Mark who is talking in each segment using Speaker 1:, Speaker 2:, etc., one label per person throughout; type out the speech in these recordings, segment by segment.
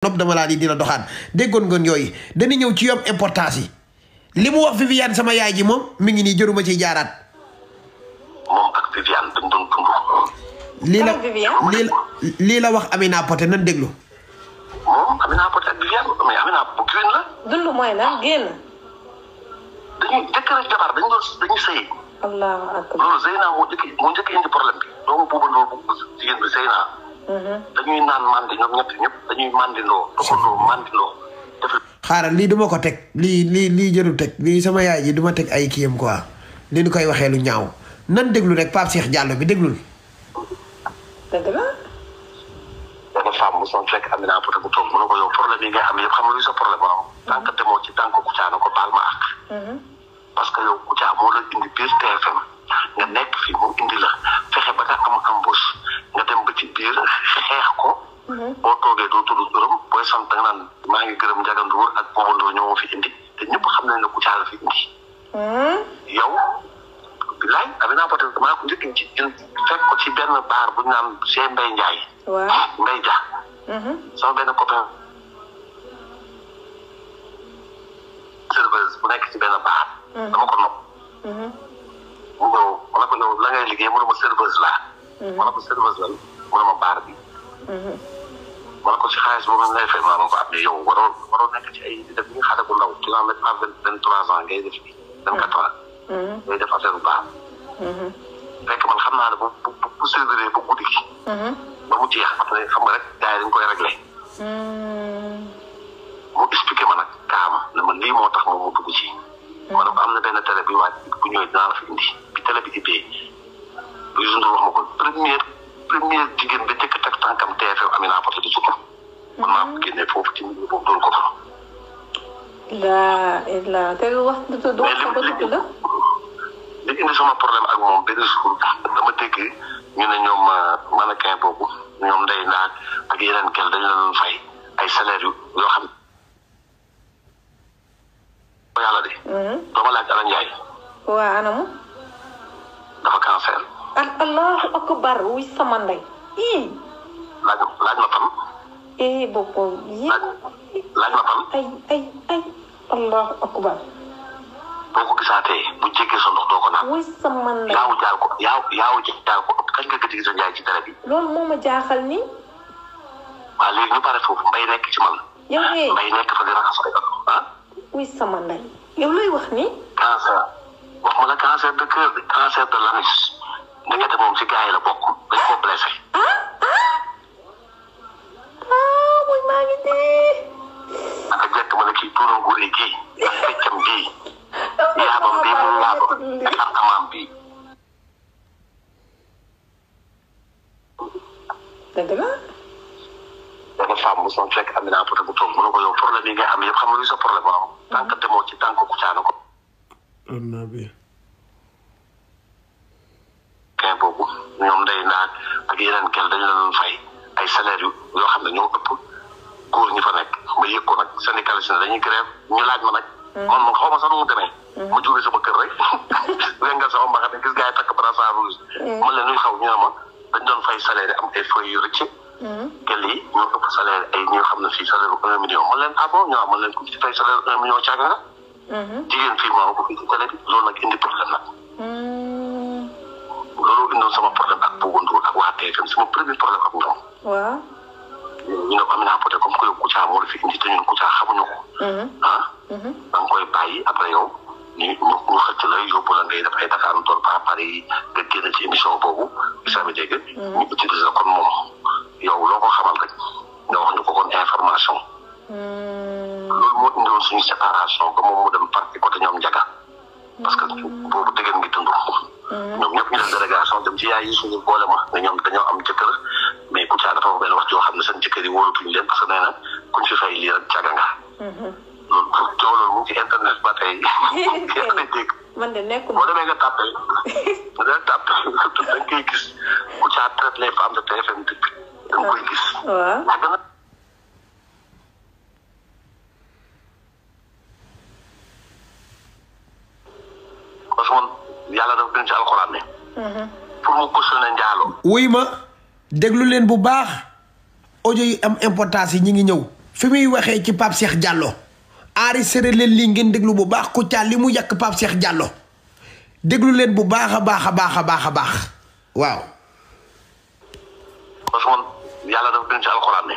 Speaker 1: nopp dama laa di dina doxaan déggoon ngeen yooyu dañu ñëw ci yom importance yi li mu wax sama yaay ji moom mi ngi nii jëruma ciy jaaraat. moom lii la wax Amina Poté nan déglu.
Speaker 2: moom Amina Poté
Speaker 1: mooy lan génn.
Speaker 2: dañuy jëkkër ak jabar dañu doon dañuy naan mandi ñett ñëpp dañuy mandiloo
Speaker 1: toppandoo mandiloo xaaral lii du ko teg lii lii lii jëru teg lii sama yaay ji duma teg ay kiyam quoi li ñu koy waxee lu ñaaw nan déglu rek Pape Cheikh bi déglul
Speaker 2: dëgg la benn femme bu son fekk Amina Poté bu toog mu ko yow problème sa mm-hmm. ko baal mm-hmm. la indi biir TFM nga nekk fii mu indi la ci biir xeex ko. Mhm. boo toogee doo tudd turam booy sant da maa ngi gërëm Ndiaga Ndour ak Bouba Ndour fi indi te ñëpp xam nañ ne Kouthia la fi indi. Mhm. yow bilaay Amina Poté maa ko njëkk ko ci benn baar bu ñu naan chez Mbaye Ndiaye. Mhm. benn copain. serveuse bu nekk ci benn baar. dama ko nopp. mu ñëw ma ko yow la ngay liggéey mu ne ma serveuse laa. ma ko serveuse la. mën ma ko si xaalis boobu ñu lay fay maa ma baar bi man xam naa ne bu bu bu séddale bu guddi mhm. ba koy réglé. Mhm. ma nag kaam ma lii moo tax moom mhm. am na benn télé bi waaj bu ñëwee dinaa la fi indi bi télé bi ibbee bu Youssou Ndour wax ma ko première jigéen ba njëkk a teg tànkam TFM Amina Poté di Souta. man maa ngi génne foofu ci mbir boobu doon ko fa. daa te wax wax dëgg la. li indi sama problème ak moom benn dama dégg ñu ne ñoom euh, mannequin boobu ñoom day naan ak yeneen kel dañu la doon fay ay salaire yu yoo xam. yàlla de. Mm-hmm. doo dafa cancer. ak allahu akbar wuy sama ndey ii laaj laaj ma fan ee boppam laaj ma ay ay ay allahu akbar boo gisaatee bu jéggee sa ndox doo ko naan
Speaker 1: wuy sama ndey
Speaker 2: yaaw jaal ko yaaw yaaw jaal ko kañ nga ci dara bi
Speaker 1: loolu moo a jaaxal ni
Speaker 2: waaw léegi ñu pare foofu mbay nekk ci man yow hee nekk ah?
Speaker 1: sama ndey yow lay wax ni
Speaker 2: cancer wax ma la cancer de cœur cancer de l'anus ndekete moom si gars yi la bokk dañ ko blessé. ah, ah. ah muy maa ngi dee. naka jekk ma ne kii tuuram gu rëy gii ak feccam bii yaabam bii mu yaabam département bii. dëgg la. benn femme bu son fekk Amina Poté bu toog mu ne ko yow problème yi ngay xam yëpp xam nga sa problème waaw. tant que demoo ci tànk ku caana ko. ak yeneen kel dañ la doon fay ay salaire yu yoo xam ne ñoo ëpp góor ñi fa nekk ma yëg ko nag syndicaliste ne dañuy grève ñu laaj ma nag kon mm. man xaw ma sax nu mu demee mm. ma jóge sama kër rek wengal sama mbaxane gis gars yi takk brassard rouge mm. man la ñuy xaw ñu ne ma dañ doon fay salaire am ay feuilles yu rëcc kel yi ñoo ëpp salaire ay ñi nga xam ne fii salaire un million man leen ah bon ñoo ah man leen ku ci fay salaire un million caaga nga mm-hmm. jigéen fii maa ko fii ci télé bi loolu nag indi problème nag loolu indoon sama problème ak bëggoon premier problème ak ñoom. waaw. ñu ne ko Amina yow Kouthia la fi indi ko. Mhm. ah. Mhm. koy bàyyi après yow ñu la yóbbu la ngay def par Paris nga génn ci émission boobu. saa ma dégg. Mhm. ñu utiliser la kon moom yow loo ko xamal rek nga wax ñu ko kon information. Hmm. loolu ñoom Ndiaga. parce que boobu dëgg ngi dund. ñoom ñëpp ñu def délégation dem ci yaay yi suñu boole ma ne ñoom dañoo am jëkkër mais Kouthia dafa wax benn wax joo xam ne seen jëkkër yi wóolatuñu leen parce kuñ fi fay lii rek càgga nga. Mhm. loolu coow loolu mu ngi ci internet ba tey. man de nekkul boo demee nga tàppe boo demee nga tàppe da nga koy gis Kouthia traite les femmes de yàlla dafa bind ci alxuraan ne. pour mu cautionner njaaloo.
Speaker 1: wuy ma déglu leen bu baax audio yi am importance yi ñi ngi ñëw. fi muy waxee ci Pape Cheikh Diallo enregistré leen lii ngeen déglu bu baax Kouthia li mu yàq Pape Cheikh Diallo déglu leen bu baax a baax a baax a baax a baax waaw.
Speaker 2: yàlla dafa bind ci alxuraan ne.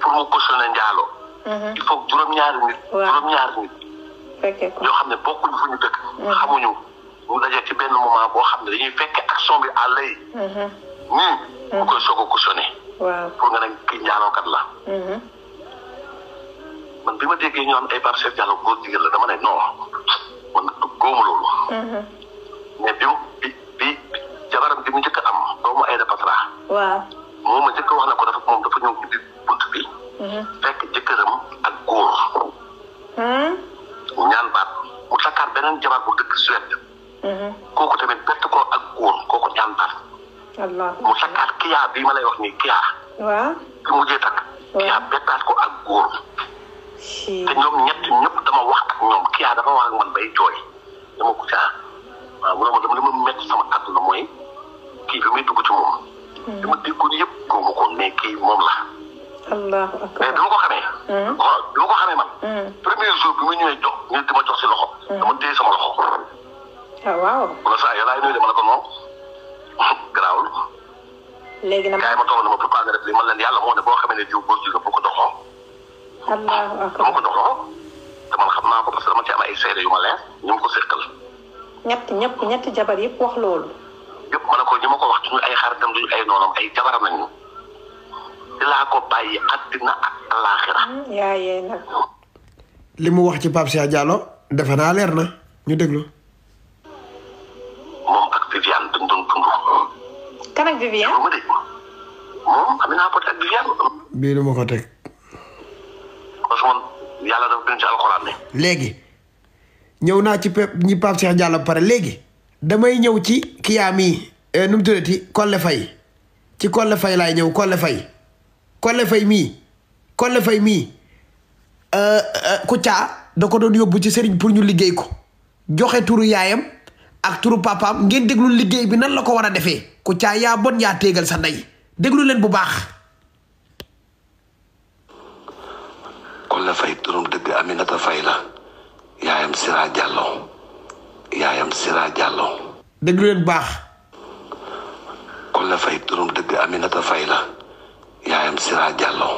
Speaker 2: pour mu cautionner njaaloo. il faut ñoo xam ne bokkuñ fu ñu dëkk. Mm-hmm. xamuñu. bu dajee ci benn moment boo xam ne dañuy fekk action bi à l'œil. ñun mhm. mhm. bu koy soog a waaw pour nga ne kii njaalookat la. Mhm. man bi ma déggee ñu am ay Pape Cheikh Diallo góor jigéen la dama ne non man góoma loolu. bi bi bi bi mu njëkk a am doomu Aïda Patra. waaw moom ma njëkk wax na ko dafa moom dafa ñëw ci buntu bi. allah mu takkaat kiyaa bii ma lay wax nii kiyaa. waaw bi mu mujjee takk. kiyaa bettaat ko ak góor. te ñoom ñett ñëpp dama wax ak ñoom kiyaa dafa wax ak man bay jooy dama ko caa waaw ma dama li ma métti sama kàddu la mooy kii bi muy dugg ci moom. Hmm. yëpp góobu ko mais moom la. dama ko xamee. Hmm. waaw dama ko xamee man. Hmm. premier bi mu ñëwee jox ñu dama si loxo. dama téye sama loxo. Ah, waaw. wala saa yàlla ay nuyu la ko noonu. léegi nag gars yi ma toogoon na ma ko doxoo. xam naa ko parce que dama ay seede yu ma leer ko seqal. ñett ñëpp ñetti jabar yëpp wax loolu. yëpp ma ko ñi ko wax duñu ay xaritam ay noonam ay jabaram nañu laa ko bàyyi àddina ak alaaxira.
Speaker 1: Hmm, yaa li mu wax ci Pape Cheikh Diallo defe naa leer na ñu déglu.
Speaker 2: kan ak ko teg.
Speaker 1: léegi ñëw naa ci pep ñi Pape Cheikh Diallo pare léegi damay ñëw ci kiyaam yi eh, nu mu tuddati Kolle ci Kolle laay ñëw Kolle Faye Kolle Faye mii Kolle Faye mii eh, eh, Kouthia da ko doon yóbbu ci sëriñ pour ñu liggéey ko joxe turu yaayam ak turu papaam ngeen déglu liggéey bi nan la ko war a defee. ku caa yaa bon yaa téegal sa ndey déglu leen bu baax.
Speaker 2: kon la fay turam dëgg Aminata Fay la yaayam Sira Diallo yaayam Sira Diallo. déglu leen baax. kon la fay turam dëgg Aminata Fay la yaayam Sira Diallo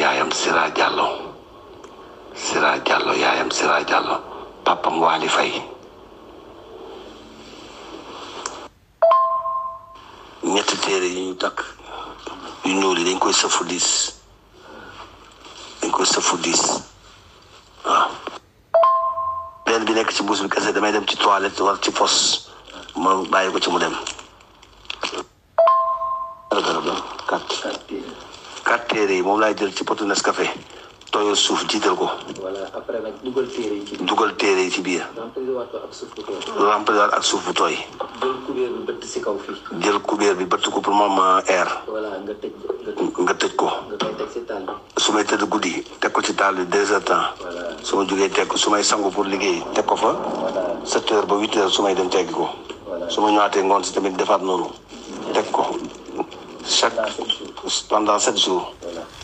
Speaker 2: yaayam Sira Diallo Sira Diallo yaayam Sira Diallo papam Waly Fay. takk yu ñuul yi dañ koy safu diis dañ koy safu diis waaw. benn bi nekk ci buus bi kese damay dem ci toilette wala ci fos ma bàyyi ko ci mu dem. quatre téere yi moom laay jël ci potu Nescafé. tooyal suuf jiital ko. voilà après nag dugal téere yi ci biir. dugal téere yi ci biir. remplir waat ak suuf bu tooy. jël kubéer bi bëtt si kaw jël kubéer bi bëtt ko pour moom air. voilà nga tëj ko. su may tëdd guddi teg ko ci taal bi deux heures temps. su ma jógee teg ko su may sangu pour liggéey teg ko fa. voilà sept ba huit heures su may dem teggi ko. su ma ñaatee ngoon si tamit defaat noonu. teg ko chaque pendant sept jours.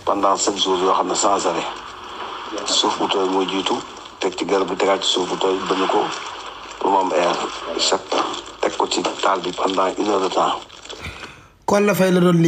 Speaker 2: pendant sept jours yoo xam ne sans arrêt suuf bu tooy moo jiitu teg ci garab bi tegaat ci suuf bu tooy bañu ko pour mu am air set teg ko ci taal bi pendant une heure de temps.
Speaker 1: Kolla Faye la doon